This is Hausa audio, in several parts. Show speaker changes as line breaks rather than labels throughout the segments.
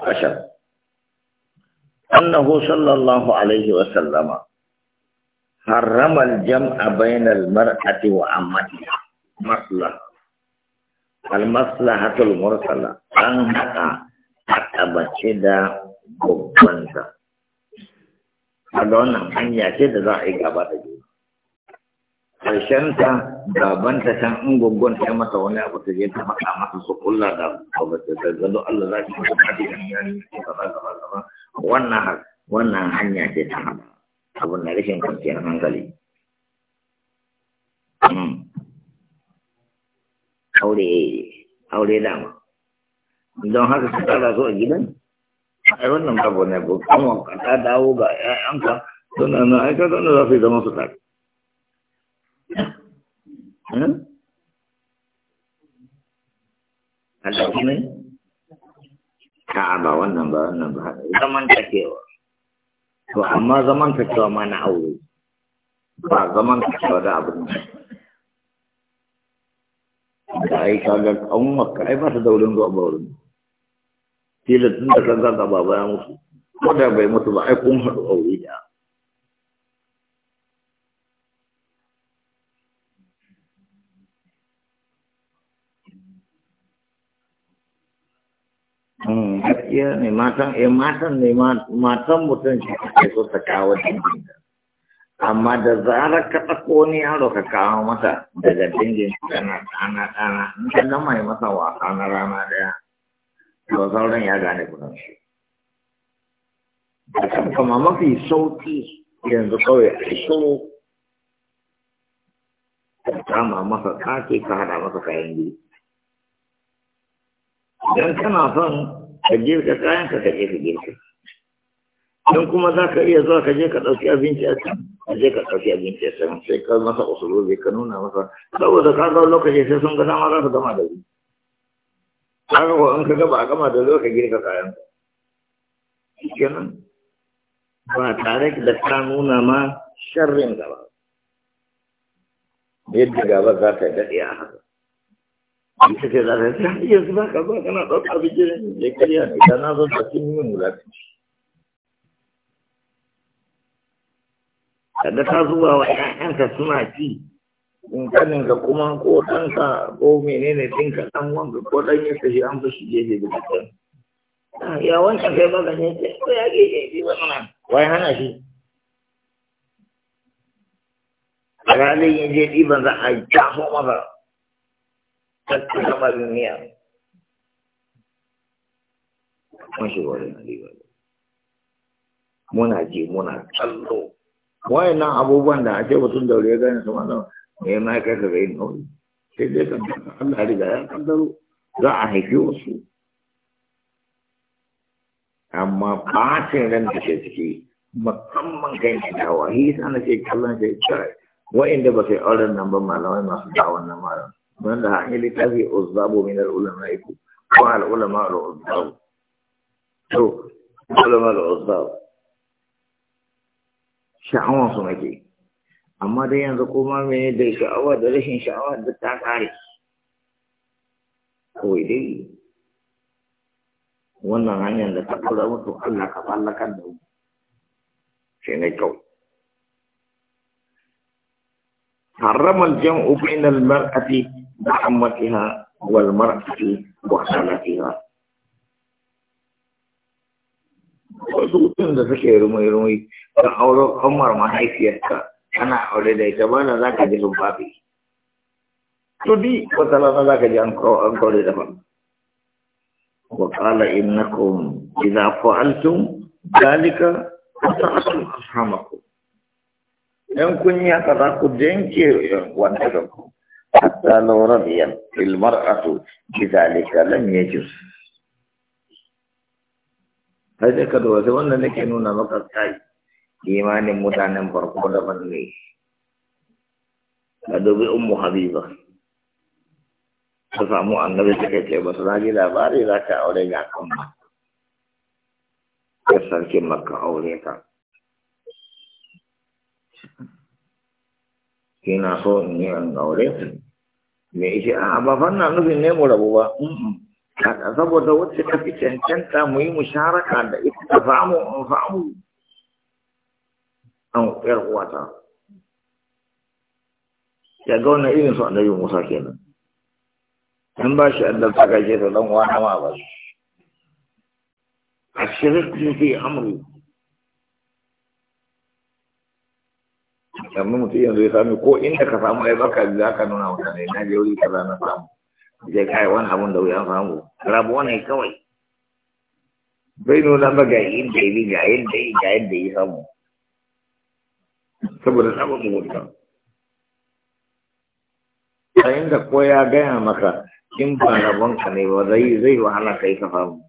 Ashab. Annahu sallallahu alaihi wasallam haram al-jam'a bainal mar'ati wa ammatiha. Maslah. Al-maslahatul mursala. Ang haka da bacida gubbanta. Adonan hanya cita za'i gabata ƙarshen ta baban ta can in gungun ta masa wani abu ta je ta faɗa masa su kulla da gwamnati ta gado Allah za ki mutu ta jikin yari gaba wannan wannan hanya ce ta haɗa abin da rashin kwanciyar hankali. Hmm. Aure aure dama. Don haka su tara su a gidan? Ai wannan babu ne ko kuma ka dawo ga ƴaƴanka suna na aika zanen za su yi zama su tare. Alhaji ne? A'a ba wannan ba wannan ba zaman takewa. To amma zaman takewa ma na aure. Ba zaman takewa da abin nan. Da ai kaga an maka ai ba ta daurin zuwa ba wurin. Kila tun da kan zaga ba ya mutu. Ko da bai mutu ba ai kun haɗu aure da. gaskiya ne matan eh matan ne matan mutum shi kake so ta kawo dangin amma da zarar ka tsako ne yaro ka kawo mata daga dangin kana ɗana ɗana in ka gama yi masa wasa na rana ɗaya to sauran ya gane kuɗin shi kama mafi sauƙi yanzu kawai a shiru ka kama masa kake ka haɗa masa kayan gidi idan kana son ka je ka kayan ka ka je ka girka don kuma za ka iya zuwa ka je ka ɗauki abinci a can ka je ka ɗauki abinci a can sai ka masa usulobi ka nuna masa saboda ka zo lokaci sai sun ga dama za su gama da wuri haka ko in ka gaba a gama da lokaci girka kayan ka kenan ba tare da ka nuna ma sharrin gaba yadda gaba za ta daɗe a haka ita ce za ta ce yanzu ba ka ba kana ɗauka abinci ne ya karya ne da na zo da sun yi mulatanci kada ka zuwa wa ƴaƴanka suna ci in kanin ka kuma ko ɗanka ko menene ɗinka ɗan wanka ko ɗan ya kashe an fashi gefe da kuɗin ah, ya wancan kai baka ne ce ko ya ke gefe ba mana wai hana shi a ranar yin je ɗiban za a jaho masa muna ji muna kallo wayannan abubuwan da ake mutum da wuri gane su wannan me ma kai ka zai nauyi sai dai kan Allah riga ya kaddaro za a haifi wasu amma bacin ran da ke ciki musamman kan shi dawa shi yasa nake kallon shi kai wa'inda ba sai auren nan ba masu dawon nan من ده عائلة هذه أصداب من العلماء وعلى العلماء الأصداب شو علماء الأصداب sha'awar su nake amma dai yanzu kuma mene da sha'awa da rashin sha'awa da ta kare kawai dai wannan hanyar da ta kula mutu Allah ka fallakar حرم الجمع بين المرأة وحمتها والمرأة وحالتها sutun da suke rumai-rumai da auren kamar mahaifiyarka tana aure da ita bana za ka ji sun fafi to di wata rana za ka ji an kaure da ban wa kala innakum idza fa'altum dalika fasa'atum ashamakum dan kun yi haka za ku denke wanda ku حتى لو رضيت المرأة بذلك لم يجوز هذا كدو هذا وانا لكن هنا مقصد كاي إيمان متعن فرقو دفن لي هذا بأم حبيبة فسامو أن نبي سكتي بسلاجي لاباري لك أولي لكم يسر كمك أولي لكم kina so in yi an gaure me shi a ba fanna nufin ne mu rabu ba saboda wacce ta fi cancanta mu yi mu sharaka da ita ta famu an famu an yar uwata ya ga wannan irin su annabi Musa kenan an ba shi annabi ta shi da dan uwa na ma ba shi ashirku fi amri amma mutum yanzu ya sami ko inda ka samu ai baka za ka nuna mutane na je wuri kaza na samu je kai wani abun da wuyan samu rabu ne kawai bai nuna ba ga inda yi bi ga da yi ga da yi samu saboda sabon mugunta yayin da ko ya gaya maka in ba ka ne ba zai zai wahala kai ka samu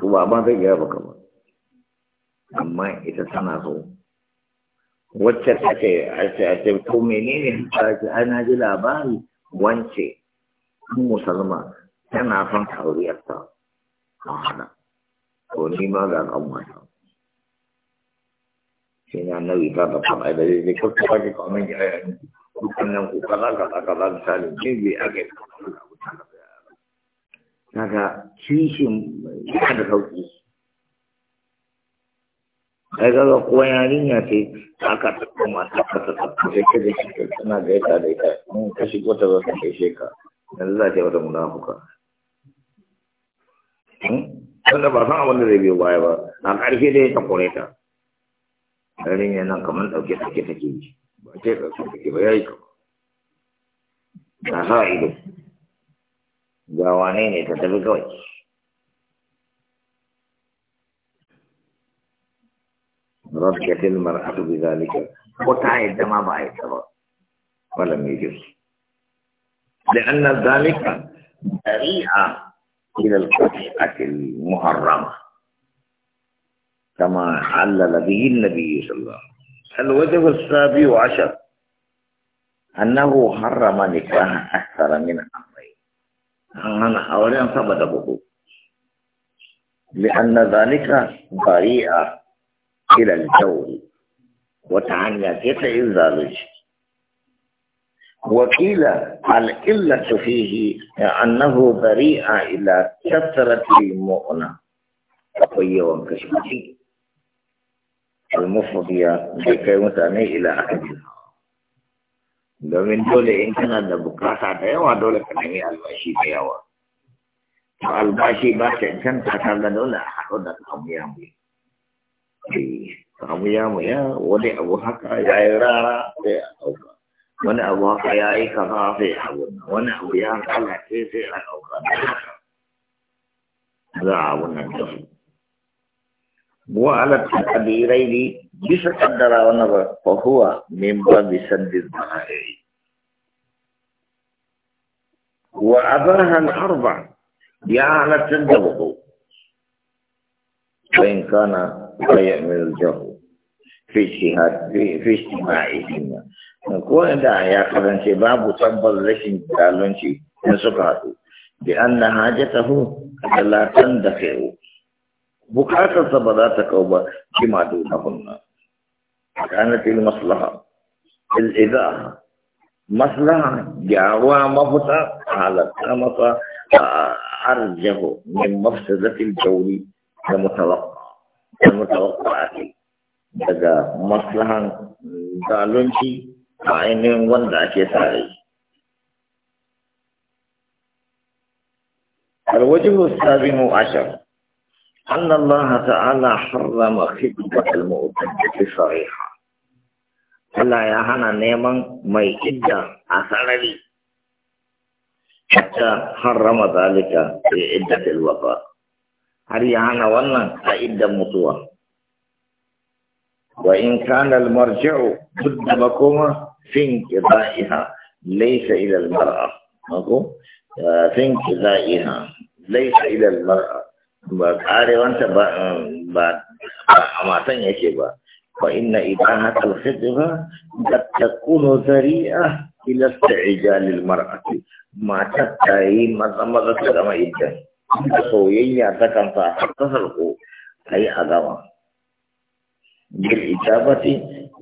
ko ba ba zai gaya baka ba amma ita tana so wacce take a ce ko menene ce ana ji labari wance musulma tana son kauriyarta a hana ko ni ma ga kan shi na nawi ba da fama da zai ko ta ba ko min ya yi dukkan nan ku kaza kaza ba ta ne bi ake kaga kishin yana da sauki kai ga ko yarinya ce aka tafi mata ka tafi sai ka ji shi tana gaita da ita mun ka shigo ta zo ta kai ka yanzu za ta yi wata munafuka hmm? wanda ba san abin da zai biyo baya ba a ƙarshe dai ta kore ta yarinya nan kamar ɗauke take take yi ba ce ka su take ba yayi ka ta sa ido ga wane ne ta tafi kawai رضيت المرأة بذلك وتعيد ما بعيد ولم يجوز لأن ذلك بريئة إلى القطعة المحرمة كما علل به النبي صلى الله عليه وسلم الوجه السابع عشر أنه حرم نكاح أكثر من أمرين أنا أولا فبدأ لأن ذلك بريئة إلى الجور وتعنى تسع ذلك وقيل العلة فيه أنه بريء إلى كثرة المؤنة وهي وانكشفه المفضية لكي متعني إلى أحدها domin dole in kana da bukata da yawa dole ka nemi albashi da yawa to albashi ba ta in kanta ta ga dole a haɗu da kamuya mai samu ya mu ya wani abu haka ya yi rara sai a ɗauka wani abu haka ya yi kaza sai a wannan wani abu ya halace sai a ɗauka da haka za a wannan da su wa ala takadirai ne bisa kaddara wani ba fahuwa min ba bisan din ba'a'i wa azaha al-arba ya halatta da wudu fa in kana لا يعمل في اجتهاد في, في اجتماعهن كون دا يا كرنشي باب تنبل لشن دالونشي نسكاتو بان حاجته لا تندفع بكاتا سبدا تكوبا كما دونهن كانت المصلحة الإذاعة مصلحة جاوا مفتا على مفتا أرجه من مفسدة الجولي المتوقع Ilmantarwa ta daga maslahan zalunci a ainihin wanda ake sa'a da yi. Karuwar Juhus sabbin ashirin, ta'ala har nama hiddu da ilmautan da ya hana neman mai citta a sarari. Citta harrama zalika ya ɗauka iddo har ya hana wannan a iddan mutuwa wa in kana al marji'u duk da makoma fin qada'iha laysa ila al mar'a mako fin qada'iha laysa ila al mar'a ba karewanta ba ba a matan yake ba fa inna ibahat al khidra qad takunu zari'a ila isti'jal al mar'ati ma ta yi maza maza ta gama iddan inda soyayya ta kansa a ta ko a yi agama bil ijabati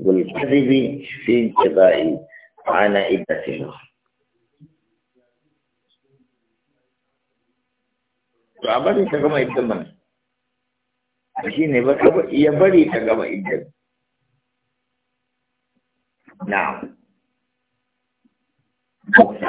wal kadhibi fi qada'i ana iddatihi to a bari ta gama iddan mana shi ne ba ya bari ta gama iddan na'am